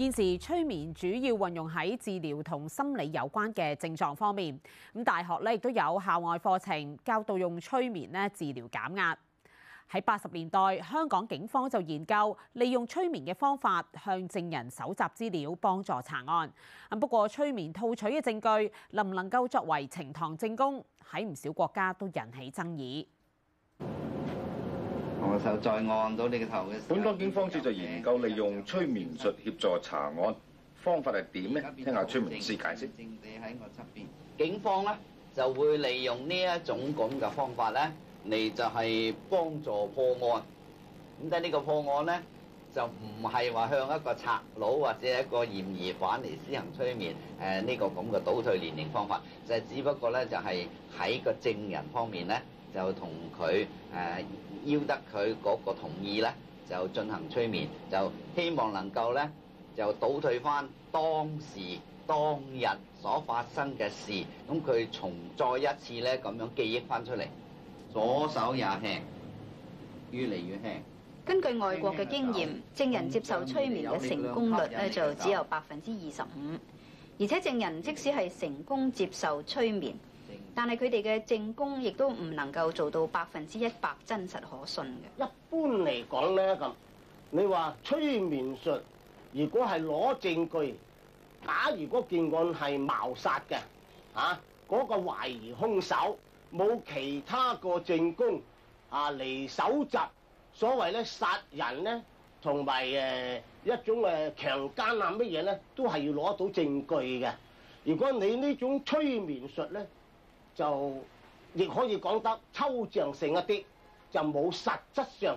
現時催眠主要運用喺治療同心理有關嘅症狀方面。咁大學咧亦都有校外課程教導用催眠咧治療減壓。喺八十年代，香港警方就研究利用催眠嘅方法向證人搜集資料，幫助查案。咁不過，催眠套取嘅證據能唔能夠作為呈堂證供，喺唔少國家都引起爭議。我再按到你個頭嘅時候，本港警方正在研究利用催眠術協助查案，方法係點咧？聽一下催眠師解釋。正正喺我側邊。警方咧就會利用呢一種咁嘅方法咧，嚟就係幫助破案。咁即係呢個破案咧，就唔係話向一個賊佬或者一個嫌疑犯嚟施行催眠，誒、呃、呢、這個咁嘅倒退年齡方法，就是，只不過咧就係、是，喺個證人方面咧。就同佢誒邀得佢嗰個同意咧，就進行催眠，就希望能夠咧，就倒退翻當時當日所發生嘅事，咁佢重再一次咧咁樣記憶翻出嚟。左手也輕，越嚟越輕。根據外國嘅經驗，證人接受催眠嘅成功率咧就只有百分之二十五，而且證人即使係成功接受催眠，但係佢哋嘅證供亦都唔能夠做到百分之一百真實可信嘅。一般嚟講咧咁，你話催眠術，如果係攞證據，假、啊、如果嗰件案係謀殺嘅，啊，嗰、嗰個懷疑兇手冇其他個證供啊嚟搜集，所謂咧殺人咧，同埋誒一種誒、啊、強奸啊乜嘢咧，都係要攞到證據嘅。如果你呢種催眠術咧，就亦可以講得抽象性一啲，就冇實質上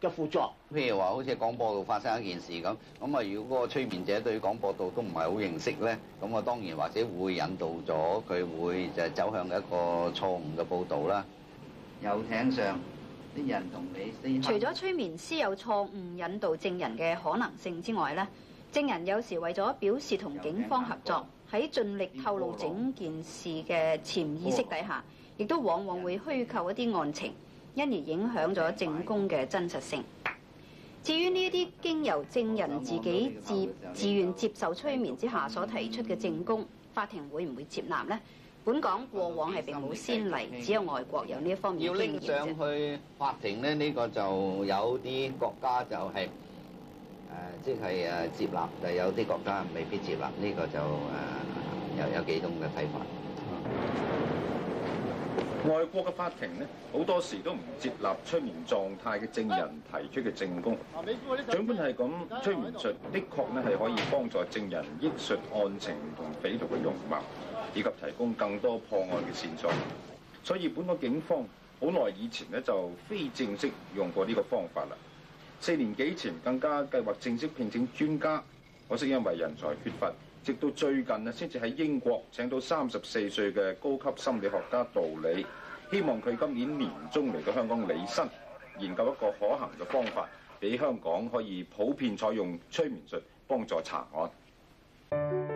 嘅輔助。譬如話，好似廣播道發生一件事咁，咁啊，如果嗰個催眠者對廣播道都唔係好認識咧，咁啊，當然或者會引導咗佢會就係走向一個錯誤嘅報導啦。郵艇上啲人同你，除咗催眠師有錯誤引導證人嘅可能性之外咧，證人有時為咗表示同警方合作，喺盡力透露整件事嘅潛意識底下，亦都往往會虛構一啲案情，因而影響咗證供嘅真實性。至於呢一啲經由證人自己自己自願接受催眠之下所提出嘅證供，法庭會唔會接納呢？本港過往係並冇先例，只有外國有呢一方面經驗啫。要拎上去法庭呢，呢個就有啲國家就係。誒即係誒接納，但有啲國家未必接納，呢、這個就誒又、啊、有，有幾種嘅睇法。外國嘅法庭咧，好多時都唔接納催眠狀態嘅證人提出嘅證供。長官係咁，催眠術，的確咧係可以幫助證人憶述案情同匪徒嘅容貌，以及提供更多破案嘅線索。所以本港警方好耐以前咧就非正式用過呢個方法啦。四年幾前更加計劃正式聘請專家，可惜因為人才缺乏，直到最近啊，先至喺英國請到三十四歲嘅高級心理學家道理，希望佢今年年中嚟到香港理生，研究一個可行嘅方法，俾香港可以普遍採用催眠術幫助查案。